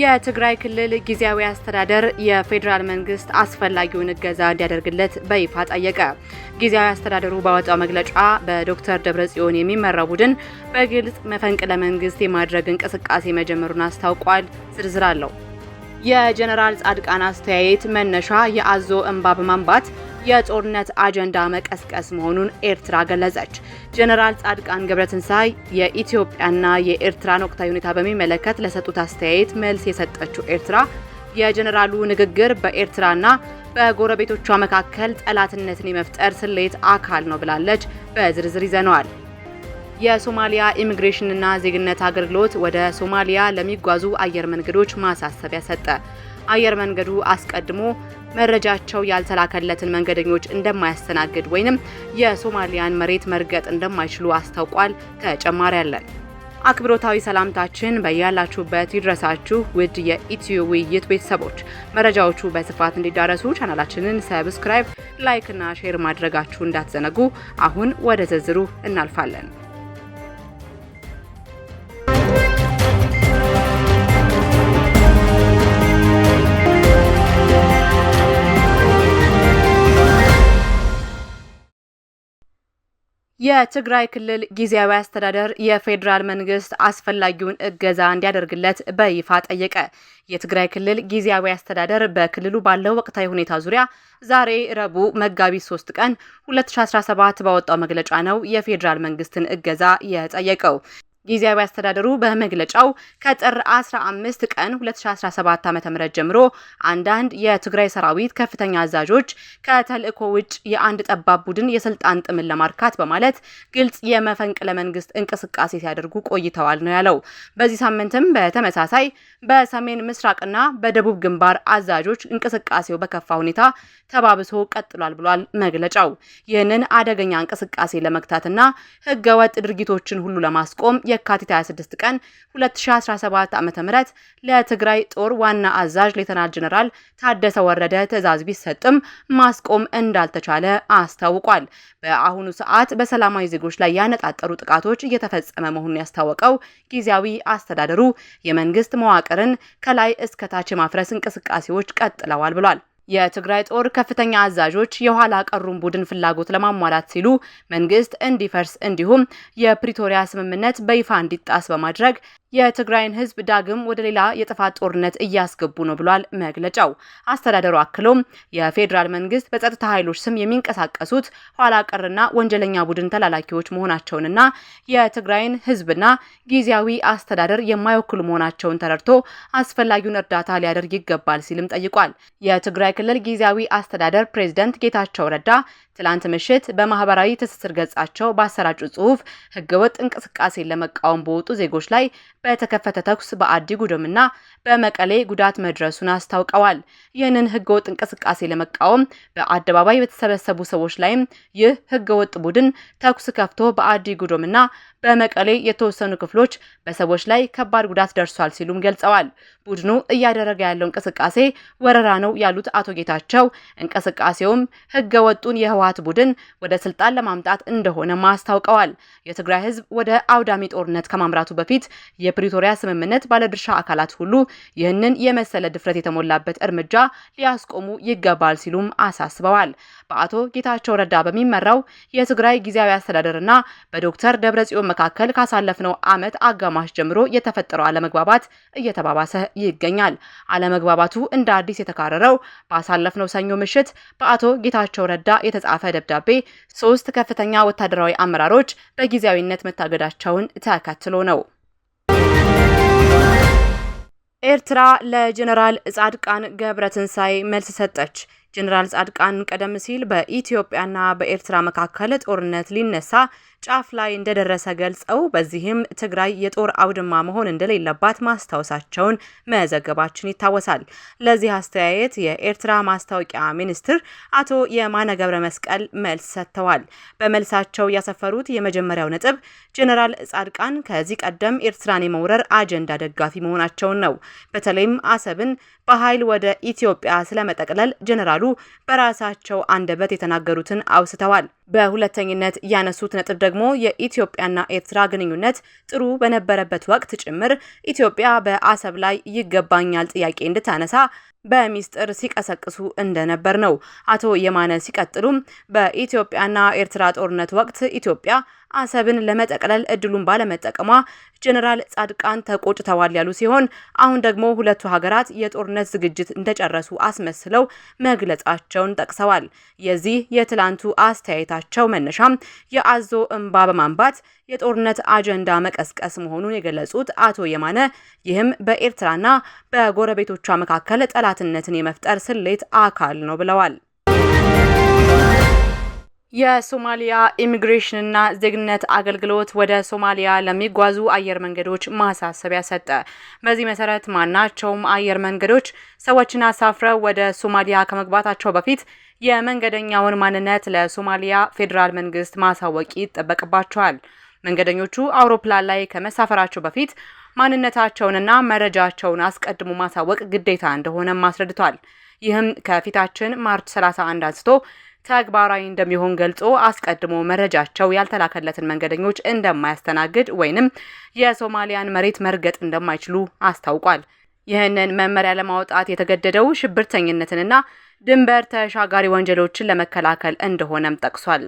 የትግራይ ክልል ጊዜያዊ አስተዳደር የፌዴራል መንግስት አስፈላጊውን እገዛ እንዲያደርግለት በይፋ ጠየቀ። ጊዜያዊ አስተዳደሩ ባወጣው መግለጫ በዶክተር ደብረጽዮን የሚመራው ቡድን በግልጽ መፈንቅለ መንግስት የማድረግ እንቅስቃሴ መጀመሩን አስታውቋል። ዝርዝር አለው። የጀኔራል ጻድቃን አስተያየት መነሻ የአዞ እንባ በማንባት የጦርነት አጀንዳ መቀስቀስ መሆኑን ኤርትራ ገለጸች። ጀነራል ጻድቃን ገብረትንሳይ የኢትዮጵያና የኤርትራን ወቅታዊ ሁኔታ በሚመለከት ለሰጡት አስተያየት መልስ የሰጠችው ኤርትራ የጀነራሉ ንግግር በኤርትራና በጎረቤቶቿ መካከል ጠላትነትን የመፍጠር ስሌት አካል ነው ብላለች። በዝርዝር ይዘነዋል። የሶማሊያ ኢሚግሬሽንና ዜግነት አገልግሎት ወደ ሶማሊያ ለሚጓዙ አየር መንገዶች ማሳሰቢያ ሰጠ። አየር መንገዱ አስቀድሞ መረጃቸው ያልተላከለትን መንገደኞች እንደማያስተናግድ ወይንም የሶማሊያን መሬት መርገጥ እንደማይችሉ አስታውቋል። ተጨማሪ አለን። አክብሮታዊ ሰላምታችን በያላችሁበት ይድረሳችሁ ውድ የኢትዮ ውይይት ቤተሰቦች፣ መረጃዎቹ በስፋት እንዲዳረሱ ቻናላችንን ሰብስክራይብ፣ ላይክ እና ሼር ማድረጋችሁ እንዳትዘነጉ። አሁን ወደ ዝርዝሩ እናልፋለን። የትግራይ ክልል ጊዜያዊ አስተዳደር የፌዴራል መንግስት አስፈላጊውን እገዛ እንዲያደርግለት በይፋ ጠየቀ። የትግራይ ክልል ጊዜያዊ አስተዳደር በክልሉ ባለው ወቅታዊ ሁኔታ ዙሪያ ዛሬ ረቡዕ መጋቢት 3 ቀን 2017 ባወጣው መግለጫ ነው የፌዴራል መንግስትን እገዛ የጠየቀው። ጊዜያዊ አስተዳደሩ በመግለጫው ከጥር 15 ቀን 2017 ዓ.ም ጀምሮ አንዳንድ የትግራይ ሰራዊት ከፍተኛ አዛዦች ከተልእኮ ውጭ የአንድ ጠባብ ቡድን የስልጣን ጥምን ለማርካት በማለት ግልጽ የመፈንቅለ መንግስት እንቅስቃሴ ሲያደርጉ ቆይተዋል ነው ያለው። በዚህ ሳምንትም በተመሳሳይ በሰሜን ምስራቅና በደቡብ ግንባር አዛዦች እንቅስቃሴው በከፋ ሁኔታ ተባብሶ ቀጥሏል ብሏል መግለጫው። ይህንን አደገኛ እንቅስቃሴ ለመግታትና ህገወጥ ድርጊቶችን ሁሉ ለማስቆም የካቲት 26 ቀን 2017 ዓ.ም ለትግራይ ጦር ዋና አዛዥ ሌተናል ጀነራል ታደሰ ወረደ ትዕዛዝ ቢሰጥም ማስቆም እንዳልተቻለ አስታውቋል። በአሁኑ ሰዓት በሰላማዊ ዜጎች ላይ ያነጣጠሩ ጥቃቶች እየተፈጸመ መሆኑን ያስታወቀው ጊዜያዊ አስተዳደሩ የመንግስት መዋቅርን ከላይ እስከታች የማፍረስ እንቅስቃሴዎች ቀጥለዋል ብሏል። የትግራይ ጦር ከፍተኛ አዛዦች የኋላ ቀሩን ቡድን ፍላጎት ለማሟላት ሲሉ መንግስት እንዲፈርስ እንዲሁም የፕሪቶሪያ ስምምነት በይፋ እንዲጣስ በማድረግ የትግራይን ህዝብ ዳግም ወደ ሌላ የጥፋት ጦርነት እያስገቡ ነው ብሏል መግለጫው። አስተዳደሩ አክሎም የፌዴራል መንግስት በጸጥታ ኃይሎች ስም የሚንቀሳቀሱት ኋላ ቀርና ወንጀለኛ ቡድን ተላላኪዎች መሆናቸውንና የትግራይን ህዝብና ጊዜያዊ አስተዳደር የማይወክሉ መሆናቸውን ተረድቶ አስፈላጊውን እርዳታ ሊያደርግ ይገባል ሲልም ጠይቋል። የትግራይ ክልል ጊዜያዊ አስተዳደር ፕሬዝደንት ጌታቸው ረዳ ትላንት ምሽት በማህበራዊ ትስስር ገጻቸው ባሰራጩ ጽሁፍ ህገወጥ እንቅስቃሴን ለመቃወም በወጡ ዜጎች ላይ በተከፈተ ተኩስ በአዲ ጉዶምና በመቀሌ ጉዳት መድረሱን አስታውቀዋል። ይህንን ህገወጥ እንቅስቃሴ ለመቃወም በአደባባይ በተሰበሰቡ ሰዎች ላይም ይህ ህገወጥ ቡድን ተኩስ ከፍቶ በአዲ ጉዶምና በመቀሌ የተወሰኑ ክፍሎች በሰዎች ላይ ከባድ ጉዳት ደርሷል ሲሉም ገልጸዋል። ቡድኑ እያደረገ ያለው እንቅስቃሴ ወረራ ነው ያሉት አቶ ጌታቸው እንቅስቃሴውም ህገወጡን ወጡን የህወሀት ቡድን ወደ ስልጣን ለማምጣት እንደሆነ አስታውቀዋል። የትግራይ ህዝብ ወደ አውዳሚ ጦርነት ከማምራቱ በፊት የፕሪቶሪያ ስምምነት ባለድርሻ አካላት ሁሉ ይህንን የመሰለ ድፍረት የተሞላበት እርምጃ ሊያስቆሙ ይገባል ሲሉም አሳስበዋል። በአቶ ጌታቸው ረዳ በሚመራው የትግራይ ጊዜያዊ አስተዳደርና በዶክተር ደብረጽዮን መካከል ካሳለፍነው ዓመት አጋማሽ ጀምሮ የተፈጠረው አለመግባባት እየተባባሰ ይገኛል። አለመግባባቱ እንደ አዲስ የተካረረው ባሳለፍነው ሰኞ ምሽት በአቶ ጌታቸው ረዳ የተጻፈ ደብዳቤ ሶስት ከፍተኛ ወታደራዊ አመራሮች በጊዜያዊነት መታገዳቸውን ተከትሎ ነው። ኤርትራ ለጀነራል ጻድቃን ገብረትንሳኤ መልስ ሰጠች። ጀኔራል ጻድቃን ቀደም ሲል በኢትዮጵያና በኤርትራ መካከል ጦርነት ሊነሳ ጫፍ ላይ እንደደረሰ ገልጸው በዚህም ትግራይ የጦር አውድማ መሆን እንደሌለባት ማስታወሳቸውን መዘገባችን ይታወሳል። ለዚህ አስተያየት የኤርትራ ማስታወቂያ ሚኒስትር አቶ የማነ ገብረ መስቀል መልስ ሰጥተዋል። በመልሳቸው ያሰፈሩት የመጀመሪያው ነጥብ ጄኔራል ጻድቃን ከዚህ ቀደም ኤርትራን የመውረር አጀንዳ ደጋፊ መሆናቸውን ነው። በተለይም አሰብን በኃይል ወደ ኢትዮጵያ ስለመጠቅለል ጄኔራሉ እንዳሉ በራሳቸው አንደበት የተናገሩትን አውስተዋል። በሁለተኝነት ያነሱት ነጥብ ደግሞ የኢትዮጵያና ኤርትራ ግንኙነት ጥሩ በነበረበት ወቅት ጭምር ኢትዮጵያ በአሰብ ላይ ይገባኛል ጥያቄ እንድታነሳ በሚስጥር ሲቀሰቅሱ እንደነበር ነው። አቶ የማነ ሲቀጥሉም በኢትዮጵያና ኤርትራ ጦርነት ወቅት ኢትዮጵያ አሰብን ለመጠቅለል እድሉን ባለመጠቀሟ ጀኔራል ጻድቃን ተቆጭተዋል ያሉ ሲሆን አሁን ደግሞ ሁለቱ ሀገራት የጦርነት ዝግጅት እንደጨረሱ አስመስለው መግለጻቸውን ጠቅሰዋል። የዚህ የትላንቱ አስተያየታ መነሳታቸው መነሻም የአዞ እንባ በማንባት የጦርነት አጀንዳ መቀስቀስ መሆኑን የገለጹት አቶ የማነ ይህም በኤርትራና በጎረቤቶቿ መካከል ጠላትነትን የመፍጠር ስሌት አካል ነው ብለዋል። የሶማሊያ ኢሚግሬሽንና ዜግነት አገልግሎት ወደ ሶማሊያ ለሚጓዙ አየር መንገዶች ማሳሰቢያ ሰጠ። በዚህ መሰረት ማናቸውም አየር መንገዶች ሰዎችን አሳፍረው ወደ ሶማሊያ ከመግባታቸው በፊት የመንገደኛውን ማንነት ለሶማሊያ ፌዴራል መንግስት ማሳወቅ ይጠበቅባቸዋል። መንገደኞቹ አውሮፕላን ላይ ከመሳፈራቸው በፊት ማንነታቸውንና መረጃቸውን አስቀድሞ ማሳወቅ ግዴታ እንደሆነም አስረድቷል። ይህም ከፊታችን ማርች 31 አንስቶ ተግባራዊ እንደሚሆን ገልጾ አስቀድሞ መረጃቸው ያልተላከለትን መንገደኞች እንደማያስተናግድ ወይንም የሶማሊያን መሬት መርገጥ እንደማይችሉ አስታውቋል። ይህንን መመሪያ ለማውጣት የተገደደው ሽብርተኝነትንና ድንበር ተሻጋሪ ወንጀሎችን ለመከላከል እንደሆነም ጠቅሷል።